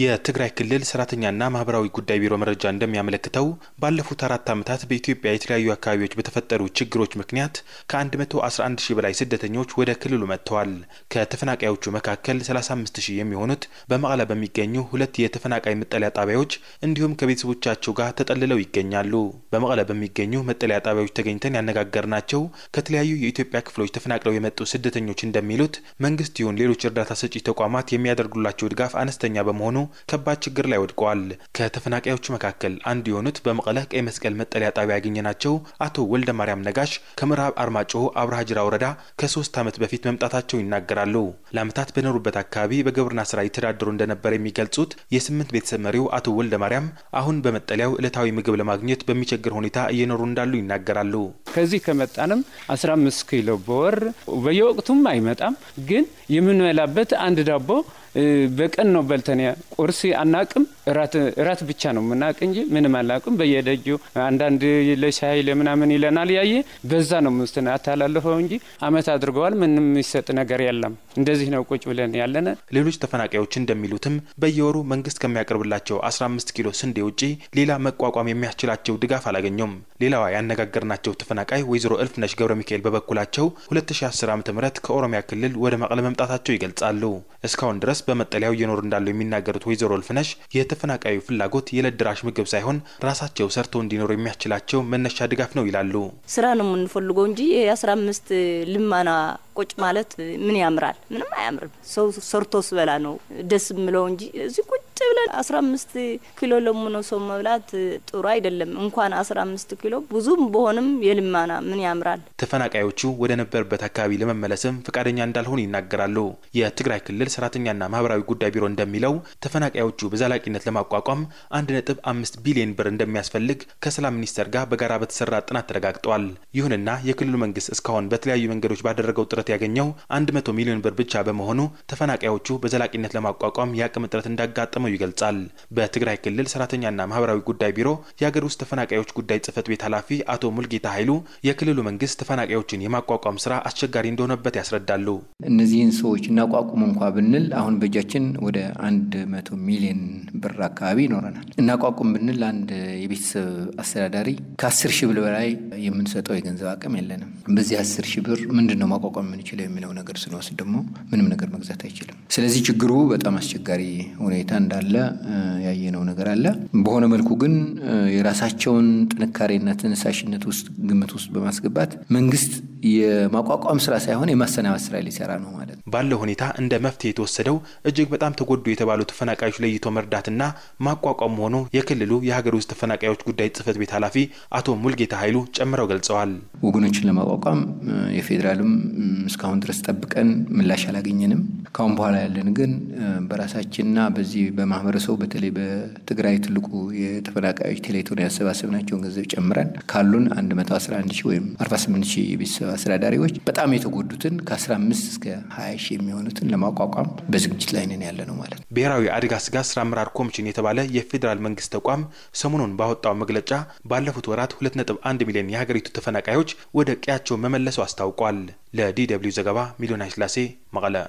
የትግራይ ክልል ሰራተኛና ማህበራዊ ጉዳይ ቢሮ መረጃ እንደሚያመለክተው ባለፉት አራት ዓመታት በኢትዮጵያ የተለያዩ አካባቢዎች በተፈጠሩ ችግሮች ምክንያት ከ111 ሺህ በላይ ስደተኞች ወደ ክልሉ መጥተዋል። ከተፈናቃዮቹ መካከል 35 ሺህ የሚሆኑት በመቀለ በሚገኙ ሁለት የተፈናቃይ መጠለያ ጣቢያዎች እንዲሁም ከቤተሰቦቻቸው ጋር ተጠልለው ይገኛሉ። በመቀለ በሚገኙ መጠለያ ጣቢያዎች ተገኝተን ያነጋገርናቸው ከተለያዩ የኢትዮጵያ ክፍሎች ተፈናቅለው የመጡ ስደተኞች እንደሚሉት መንግስት ይሁን ሌሎች እርዳታ ሰጪ ተቋማት የሚያደርጉላቸው ድጋፍ አነስተኛ በመሆኑ ከባድ ችግር ላይ ወድቀዋል። ከተፈናቃዮቹ መካከል አንዱ የሆኑት በመቀለ ቀይ መስቀል መጠለያ ጣቢያ ያገኘናቸው አቶ ወልደ ማርያም ነጋሽ ከምዕራብ አርማጭሆ አብርሃ ጅራ ወረዳ ከሶስት ዓመት በፊት መምጣታቸው ይናገራሉ። ለዓመታት በኖሩበት አካባቢ በግብርና ስራ ይተዳደሩ እንደነበር የሚገልጹት የስምንት ቤተሰብ መሪው አቶ ወልደ ማርያም አሁን በመጠለያው ዕለታዊ ምግብ ለማግኘት በሚቸግር ሁኔታ እየኖሩ እንዳሉ ይናገራሉ። ከዚህ ከመጣንም 15 ኪሎ በወር በየወቅቱም አይመጣም፣ ግን የምንበላበት አንድ ዳቦ በቀን ነው በልተን ቁርስ አናቅም፣ እራት ብቻ ነው ምናቅ እንጂ ምንም አናቅም። በየደጁ አንዳንድ ለሻይ ለምናምን ይለናል ያየ በዛ ነው ምስትን አታላለፈው እንጂ አመት አድርገዋል። ምንም የሚሰጥ ነገር የለም። እንደዚህ ነው ቁጭ ብለን ያለነ። ሌሎች ተፈናቃዮች እንደሚሉትም በየወሩ መንግስት ከሚያቀርብላቸው 15 ኪሎ ስንዴ ውጪ ሌላ መቋቋም የሚያስችላቸው ድጋፍ አላገኙም። ሌላዋ ያነጋገርናቸው ተፈናቃይ ወይዘሮ እልፍነሽ ገብረ ሚካኤል በበኩላቸው 2010 ዓ ም ከኦሮሚያ ክልል ወደ መቀለ መምጣታቸው ይገልጻሉ። እስካሁን ድረስ በመጠለያው እየኖሩ እንዳሉ የሚናገሩት ወይዘሮ እልፍነሽ የተፈናቃዩ ፍላጎት የለድራሽ ምግብ ሳይሆን ራሳቸው ሰርተው እንዲኖሩ የሚያስችላቸው መነሻ ድጋፍ ነው ይላሉ። ስራ ነው የምንፈልገው እንጂ የ15 ልመና ቁጭ ማለት ምን ያምራል? ምንም አያምርም። ሰው ሰርቶ ስበላ ነው ደስ የምለው እንጂ እዚህ ይብላል። አስራ አምስት ኪሎ ለሙኖ ሰው መብላት ጥሩ አይደለም። እንኳን አስራ አምስት ኪሎ ብዙም በሆንም የልማና ምን ያምራል። ተፈናቃዮቹ ወደ ነበርበት አካባቢ ለመመለስም ፈቃደኛ እንዳልሆኑ ይናገራሉ። የትግራይ ክልል ሰራተኛና ማህበራዊ ጉዳይ ቢሮ እንደሚለው ተፈናቃዮቹ በዘላቂነት ለማቋቋም አንድ ነጥብ አምስት ቢሊዮን ብር እንደሚያስፈልግ ከሰላም ሚኒስቴር ጋር በጋራ በተሰራ ጥናት ተረጋግጧል። ይሁንና የክልሉ መንግስት እስካሁን በተለያዩ መንገዶች ባደረገው ጥረት ያገኘው አንድ መቶ ሚሊዮን ብር ብቻ በመሆኑ ተፈናቃዮቹ በዘላቂነት ለማቋቋም የአቅም እጥረት እንዳጋጠመው ይገልጻል። በትግራይ ክልል ሰራተኛና ማህበራዊ ጉዳይ ቢሮ የሀገር ውስጥ ተፈናቃዮች ጉዳይ ጽህፈት ቤት ኃላፊ አቶ ሙልጌታ ኃይሉ የክልሉ መንግስት ተፈናቃዮችን የማቋቋም ስራ አስቸጋሪ እንደሆነበት ያስረዳሉ። እነዚህን ሰዎች እናቋቁም እንኳ ብንል አሁን በእጃችን ወደ አንድ መቶ ሚሊዮን ብር አካባቢ ይኖረናል። እናቋቁም ብንል አንድ የቤተሰብ አስተዳዳሪ ከአስር ሺህ ብር በላይ የምንሰጠው የገንዘብ አቅም የለንም። በዚህ አስር ሺህ ብር ምንድን ነው ማቋቋም የምንችለው የሚለው ነገር ስንወስድ ደግሞ ምንም ነገር መግዛት አይችልም። ስለዚህ ችግሩ በጣም አስቸጋሪ ሁኔታ እንዳ አለ፣ ያየነው ነገር አለ። በሆነ መልኩ ግን የራሳቸውን ጥንካሬና ተነሳሽነት ውስጥ ግምት ውስጥ በማስገባት መንግስት የማቋቋም ስራ ሳይሆን የማሰናበት ስራ ሊሰራ ነው ማለት ባለው ሁኔታ እንደ መፍትሄ የተወሰደው እጅግ በጣም ተጎዱ የተባሉ ተፈናቃዮች ለይቶ መርዳትና ማቋቋም መሆኑ የክልሉ የሀገር ውስጥ ተፈናቃዮች ጉዳይ ጽህፈት ቤት ኃላፊ አቶ ሙልጌታ ኃይሉ ጨምረው ገልጸዋል። ወገኖችን ለማቋቋም የፌዴራልም እስካሁን ድረስ ጠብቀን ምላሽ አላገኘንም። ካሁን በኋላ ያለን ግን በራሳችንና በዚህ በማህበረሰቡ በተለይ በትግራይ ትልቁ የተፈናቃዮች ቴሌቶን ያሰባሰብናቸውን ገንዘብ ጨምረን ካሉን 111 ወይም 48 ቤተሰብ የቤተሰብ አስተዳዳሪዎች በጣም የተጎዱትን ከ15 እስከ 20 ሀያ ሺህ የሚሆኑትን ለማቋቋም በዝግጅት ላይ ነን ያለ ነው ማለት ነው። ብሔራዊ አደጋ ስጋት ስራ አመራር ኮሚሽን የተባለ የፌዴራል መንግስት ተቋም ሰሞኑን ባወጣው መግለጫ ባለፉት ወራት 2.1 ሚሊዮን የሀገሪቱ ተፈናቃዮች ወደ ቀያቸው መመለሱ አስታውቋል። ለዲ ደብልዩ ዘገባ ሚሊዮን ኃይለሥላሴ መቀለ